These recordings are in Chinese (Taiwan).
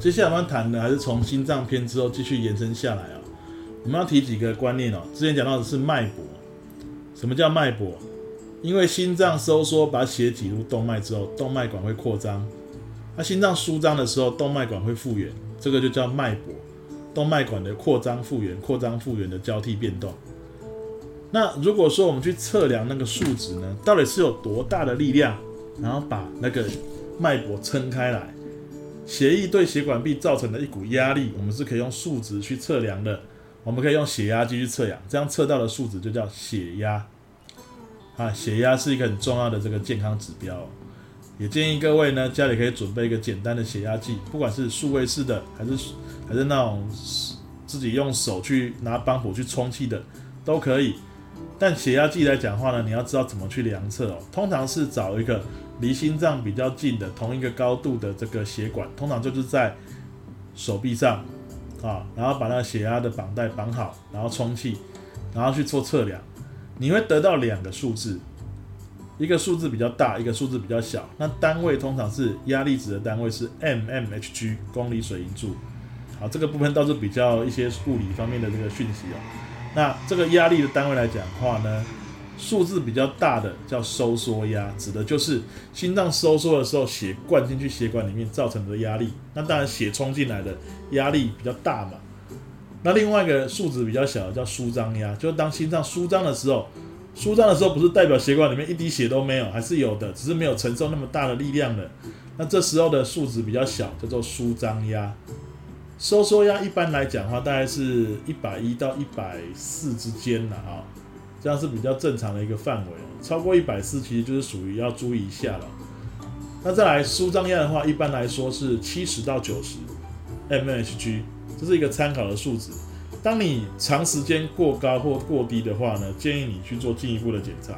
接下來我們談的還是從心臟篇之後繼續延伸下來啊，我們要提幾個觀念哦。之前講到的是脈搏，什麼叫脈搏？因為心臟收縮把血擠入動脈之後，動脈管會擴張；它心臟舒張的時候，動脈管會復原，這個就叫脈搏。動脈管的擴張復原、擴張復原的交替變動。那如果說我們去測量那個數值呢，到底是有多大的力量，然後把那個脈搏撐開來？血液對血管壁造成的一股壓力，我們是可以用數值去測量的。我們可以用血壓計去測量，這樣測到的數值就叫血壓。啊，血壓是一個很重要的這個健康指標哦。也建議各位呢，家裡可以準備一個簡單的血壓計，不管是數位式的，還是還是那種自己用手去拿幫浦去充氣的，都可以。但血壓計來講的話呢，你要知道怎麼去量測哦。通常是找一個。離心臟比較近的同一個高度的這個血管，通常就是在手臂上啊，然後把那個血壓的綁帶綁好，然後充氣，然後去做測量，你會得到兩個數字，一個數字比較大，一個數字比較小。那單位通常是壓力值的單位是 mmHg（ 公厘水銀柱）。好，這個部分倒是比較一些物理方面的這個訊息啊，哦。那這個壓力的單位來講的話呢？數字比較大的叫收縮壓，指的就是心臟收縮的時候血灌進去血管裡面造成的壓力。那當然血衝進來的壓力比較大嘛。那另外一個數值比較小的叫舒張壓，就是當心臟舒張的時候，舒張的時候不是代表血管裡面一滴血都沒有，還是有的，只是沒有承受那麼大的力量的。那這時候的數值比較小，叫做舒張壓。收縮壓一般來講的話，大概是一百一到一百四之間了啊。這樣是比較正常的一個範圍超過一百四其實就是屬於要注意一下了。那再來舒張壓的話，一般來說是七十到九十 m h g 這是一個參考的數值。當你長時間過高或過低的話呢，建議你去做進一步的檢查。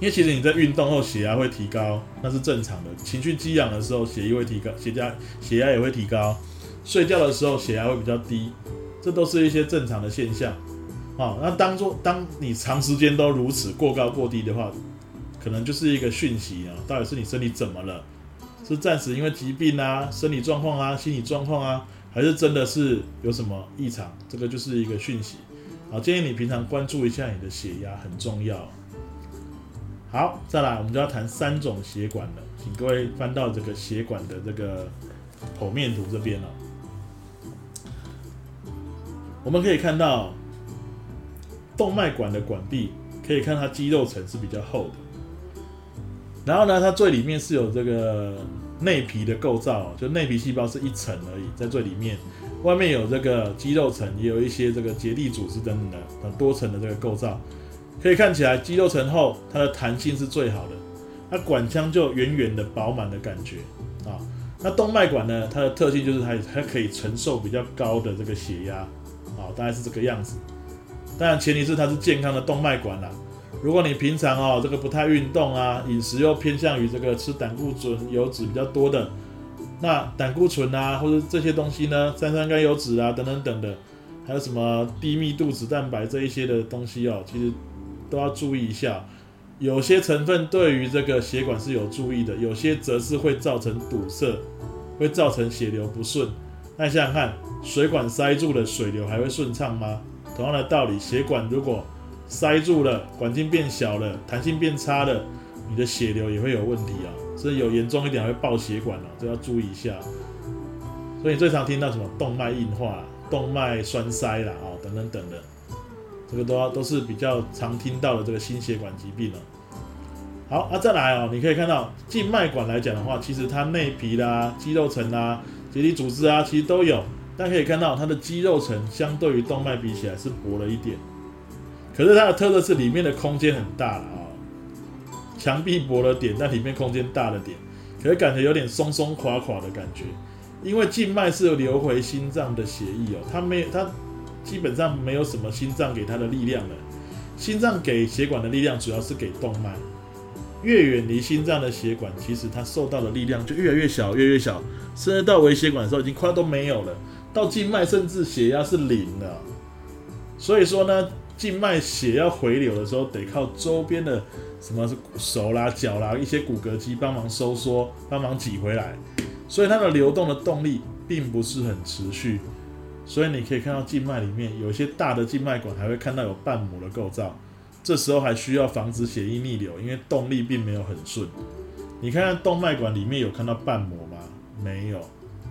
因為其實你在運動後血壓會提高，那是正常的；情緒激昂的時候血液會提高，血壓血壓也會提高；睡覺的時候血壓會比較低，這都是一些正常的現象。啊、哦，那當做當你長時間都如此過高過低的話，可能就是一個訊息啊，到底是你身體怎麼了？是暫時因為疾病啊、生理狀況啊、心理狀況啊，還是真的是有什麼異常？這個就是一個訊息。好，建議你平常關注一下你的血壓，很重要。好，再來我們就要談三種血管了，請各位翻到這個血管的這個剖面圖這邊了、哦，我們可以看到。動脈管的管壁可以看它肌肉層是比較厚的，然後呢，它最裡面是有這個內皮的構造，就內皮細胞是一層而已，在最裡面，外面有這個肌肉層，也有一些這個結締組織等等的，很多層的這個構造，可以看起來肌肉層厚，它的彈性是最好的，它管腔就圓圓的飽滿的感覺啊、哦。那動脈管呢，它的特性就是它它可以承受比較高的這個血壓啊、哦，大概是這個樣子。當然，前提是它是健康的動脈管啦、啊。如果你平常哦這個不太運動啊，飲食又偏向於這個吃膽固醇、油脂比較多的，那膽固醇啊，或者這些東西呢，三酸甘油酯啊等、等等等的，還有什麼低密度脂蛋白這一些的東西哦，其實都要注意一下啊。有些成分對於這個血管是有助益的，有些則是會造成堵塞，會造成血流不順。那想想看，水管塞住了，水流還會順暢嗎？同樣的道理，血管如果塞住了，管徑變小了，彈性變差了，你的血流也會有問題啊、哦。所以有嚴重一點會爆血管了、哦，這要注意一下。所以你最常聽到什麼動脈硬化、動脈栓塞啦，哦等等等等的，這個都要都是比較常聽到的這個心血管疾病了、哦。好啊，再來哦，你可以看到靜脈管來講的話，其實它內皮啦、肌肉層啊、結締組織啊，其實都有。大家可以看到，它的肌肉層相對於動脈比起來是薄了一點，可是它的特色是裡面的空間很大了啊、哦，牆壁薄了點，但裡面空間大了點，可是感覺有點鬆鬆垮垮的感覺，因為靜脈是流回心臟的血液哦，它沒有它基本上沒有什麼心臟給它的力量了，心臟給血管的力量主要是給動脈，越遠離心臟的血管，其實它受到的力量就越來越小，越來越小，甚至到微血管的時候已經快都沒有了。到靜脈甚至血壓是零的，所以說呢，靜脈血要回流的時候，得靠周邊的什麼手啦、腳啦一些骨骼肌幫忙收縮，幫忙擠回來。所以它的流動的動力並不是很持續。所以你可以看到靜脈裡面有一些大的靜脈管，還會看到有瓣膜的構造。這時候還需要防止血液逆流，因為動力並沒有很順。你看看動脈管裡面有看到瓣膜嗎？沒有。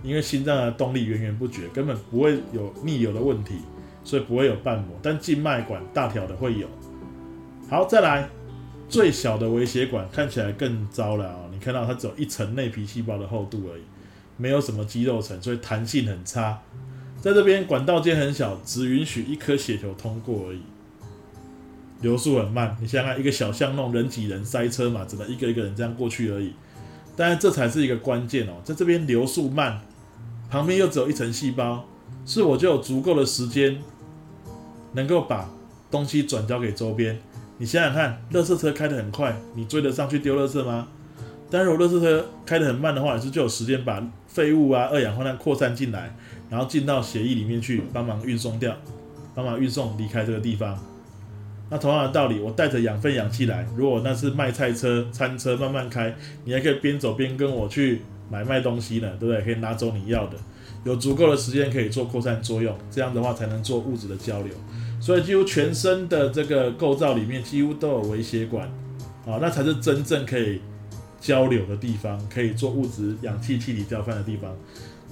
因為心臟的動力源源不絕，根本不會有逆流的問題，所以不會有瓣膜，但靜脈管大條的會有。好，再來，最小的微血管看起來更糟了哦，你看到它只有一層內皮細胞的厚度而已，沒有什麼肌肉層，所以彈性很差。在這邊管道間很小，只允許一顆血球通過而已，流速很慢。你想想看，一個小巷弄人擠人塞車嘛，只能一個一個人這樣過去而已。但是這才是一個關鍵哦，在這邊流速慢，旁邊又只有一層細胞，是我就有足夠的時間，能夠把東西轉交給周邊。你想想看，垃圾車開得很快，你追得上去丟垃圾嗎？但如果垃圾車開得很慢的話，也是就有時間把廢物啊、二氧化碳擴散進來，然後進到血液裡面去，幫忙運送掉，幫忙運送離開這個地方。那同樣的道理，我帶着養分、氧氣來。如果那是賣菜車、餐車，慢慢開，你還可以邊走邊跟我去買賣東西呢，對不對？可以拿走你要的，有足夠的時間可以做擴散作用。這樣的話才能做物質的交流。所以，幾乎全身的這個構造裡面，幾乎都有微血管啊，那才是真正可以交流的地方，可以做物質、氧氣、氣體交換的地方。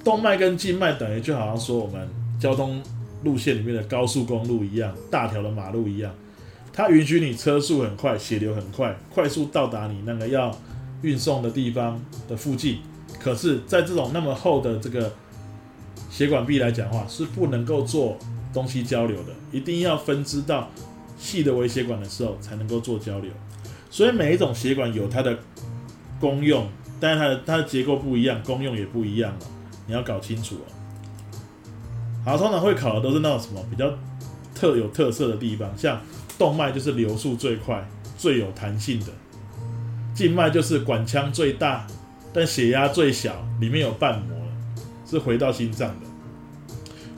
動脈跟靜脈等於就好像說我們交通路線裡面的高速公路一樣，大條的馬路一樣。它允許你車速很快，血流很快，快速到達你那個要運送的地方的附近。可是，在這種那麼厚的這個血管壁來講的話，是不能夠做東西交流的。一定要分支到細的微血管的時候，才能夠做交流。所以每一種血管有它的功用，但是它的它的結構不一樣，功用也不一樣，哦，你要搞清楚哦。好，通常會考的都是那種什麼比較特有特色的地方，像。動脈就是流速最快、最有彈性的；靜脈就是管腔最大，但血壓最小，裡面有瓣膜，是回到心臟的；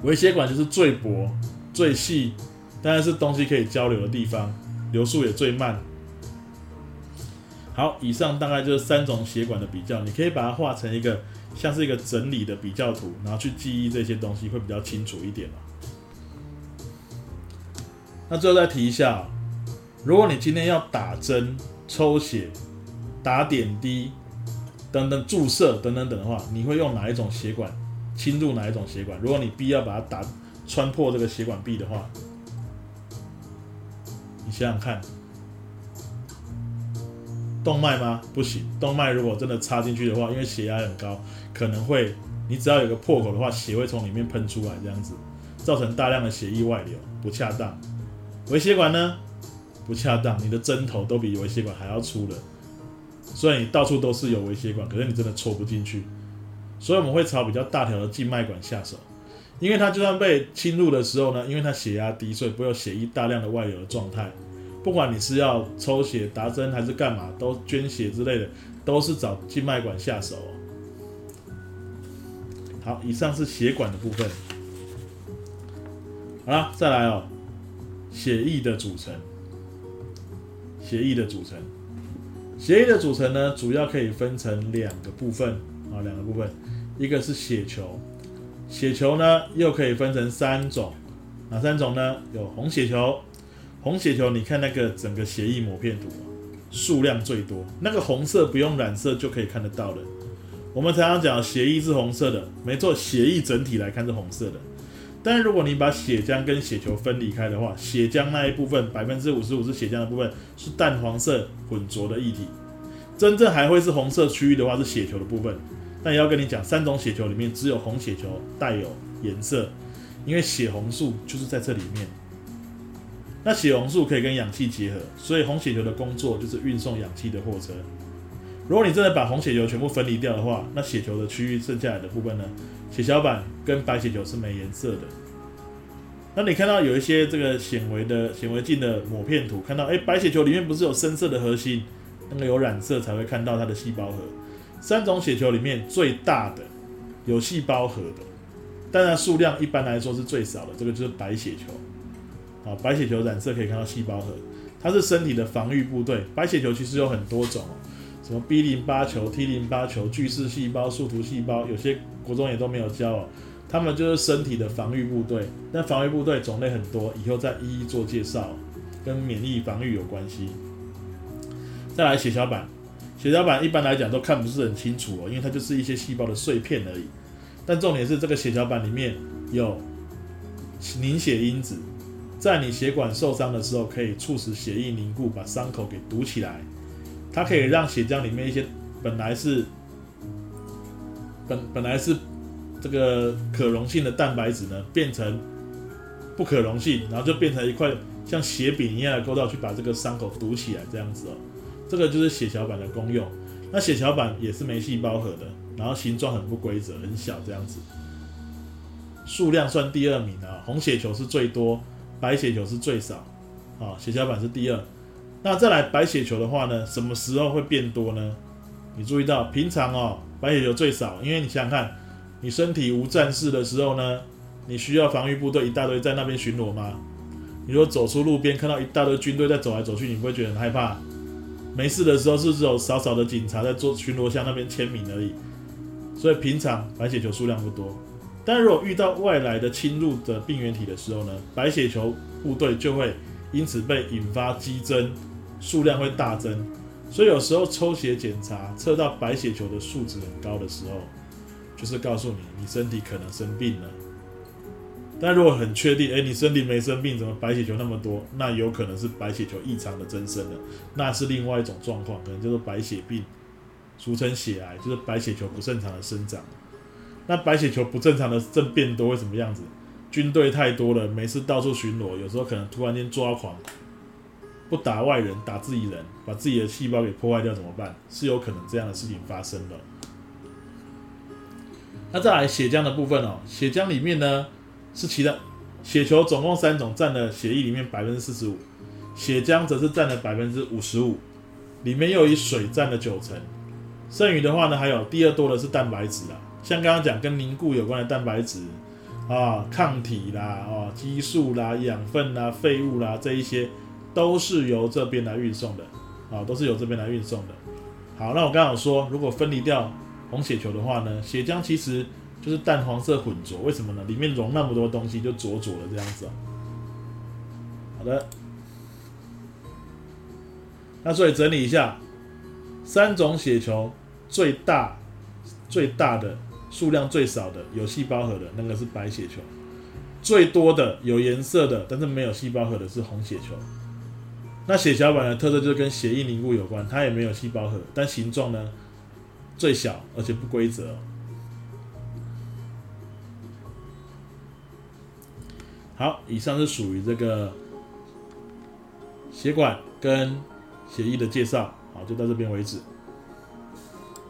微血管就是最薄、最細，當然是東西可以交流的地方，流速也最慢。好，以上大概就是三種血管的比較，你可以把它畫成一個像是一個整理的比較圖，然後去記憶這些東西會比較清楚一點嘛。那最後再提一下，如果你今天要打針、抽血、打點滴等等注射等等等的話，你會用哪一種血管？侵入哪一種血管？如果你必要把它打穿破這個血管壁的話，你想想看，動脈嗎？不行，動脈如果真的插進去的話，因為血壓很高，可能會你只要有一個破口的話，血會從裡面噴出來，這樣子造成大量的血液外流，不恰當。微血管呢，不恰當，你的針頭都比微血管還要粗的，所以你到處都是有微血管，可是你真的戳不進去，所以我們會朝比較大條的靜脈管下手，因為它就算被侵入的時候呢，因為它血壓低，所以不會有血液大量的外流的狀態，不管你是要抽血、打針還是幹嘛，都捐血之類的，都是找靜脈管下手哦。好，以上是血管的部分。好啦，再來哦。血液的組成，血液的組成，血液的組成呢，主要可以分成兩個部分啊，兩個部分，一個是血球，血球呢又可以分成三種，哪三種呢？有紅血球，紅血球，你看那個整個血液抹片圖，數量最多，那個紅色不用染色就可以看得到的。我們常常講血液是紅色的，沒錯，血液整體來看是紅色的。但是如果你把血漿跟血球分離開的話，血漿那一部分百分之五十五是血漿的部分，是淡黃色渾濁的液體。真正還會是紅色區域的話，是血球的部分。但也要跟你講，三種血球裡面只有紅血球帶有顏色，因為血紅素就是在這裡面。那血紅素可以跟氧氣結合，所以紅血球的工作就是運送氧氣的貨車。如果你真的把紅血球全部分離掉的話，那血球的區域剩下來的部分呢？血小板跟白血球是沒顏色的。那你看到有一些這個顯微的顯微鏡的抹片圖，看到欸，白血球裡面不是有深色的核心？那個有染色才會看到它的細胞核。三種血球裡面最大的，有細胞核的，但它數量一般來說是最少的，這個就是白血球。好，白血球染色可以看到細胞核，它是身體的防禦部隊。白血球其實有很多種啊。什麼 B 淋巴球、T 淋巴球、巨噬細胞、樹突細胞，有些國中也都沒有教哦。他們就是身體的防禦部隊，但防禦部隊種類很多，以後再一一做介紹，跟免疫防禦有關係。再來血小板，血小板一般來講都看不是很清楚哦，因為它就是一些細胞的碎片而已。但重點是這個血小板裡面有凝血因子，在你血管受傷的時候，可以促使血液凝固，把傷口給堵起來。它可以讓血漿裡面一些本來是本本來是這個可溶性的蛋白質呢，變成不可溶性，然後就變成一塊像血餅一樣的構造，去把這個傷口堵起來，這樣子哦。這個就是血小板的功用。那血小板也是沒細胞核的，然後形狀很不規則，很小這樣子。數量算第二名啊，紅血球是最多，白血球是最少，啊，血小板是第二。那再來白血球的話呢？什麼時候會變多呢？你注意到平常哦，白血球最少，因為你想，想看，你身體無戰事的時候呢，你需要防禦部隊一大堆在那邊巡邏嗎？你如果走出路邊看到一大堆軍隊在走來走去，你不會覺得很害怕？沒事的時候是只有少少的警察在做巡邏，向那邊簽名而已。所以平常白血球數量不多，但如果遇到外來的侵入的病原體的時候呢，白血球部隊就會因此被引發激增。數量會大增，所以有時候抽血檢查測到白血球的數值很高的時候，就是告訴你你身體可能生病了。但如果很確定，誒、欸，你身體沒生病，怎麼白血球那麼多？那有可能是白血球異常的增生了，那是另外一種狀況，可能叫做白血病，俗稱血癌，就是白血球不正常的生長。那白血球不正常的症變多會什麼樣子？軍隊太多了，每次到處巡邏，有時候可能突然間抓狂。不打外人，打自己人，把自己的細胞給破壞掉怎麼辦？是有可能這樣的事情發生的。那再來血漿的部分哦，血漿裡面呢是其他血球總共三種，占了血液裡面百分之四十五，血漿則是占了百分之五十五，裡面又以水占了九成，剩餘的話呢還有第二多的是蛋白質啊，像剛剛講跟凝固有關的蛋白質啊、抗體啦、哦、啊、激素啦、養分啦、廢物啦這一些。都是由這邊來運送的，啊，都是由這邊來運送的。好，那我剛好說，如果分離掉紅血球的話呢，血漿其實就是淡黃色混濁，為什麼呢？裡面溶那麼多東西，就濁濁的這樣子喔。好的，那所以整理一下，三種血球，最大最大的、數量最少的、有細胞核的那個是白血球，最多的、有顏色的但是沒有細胞核的是紅血球。那血小板的特色就是跟血液凝固有關，它也沒有細胞核，但形狀呢最小而且不規則。好，以上是屬於這個血管跟血液的介紹，好，就到這邊為止。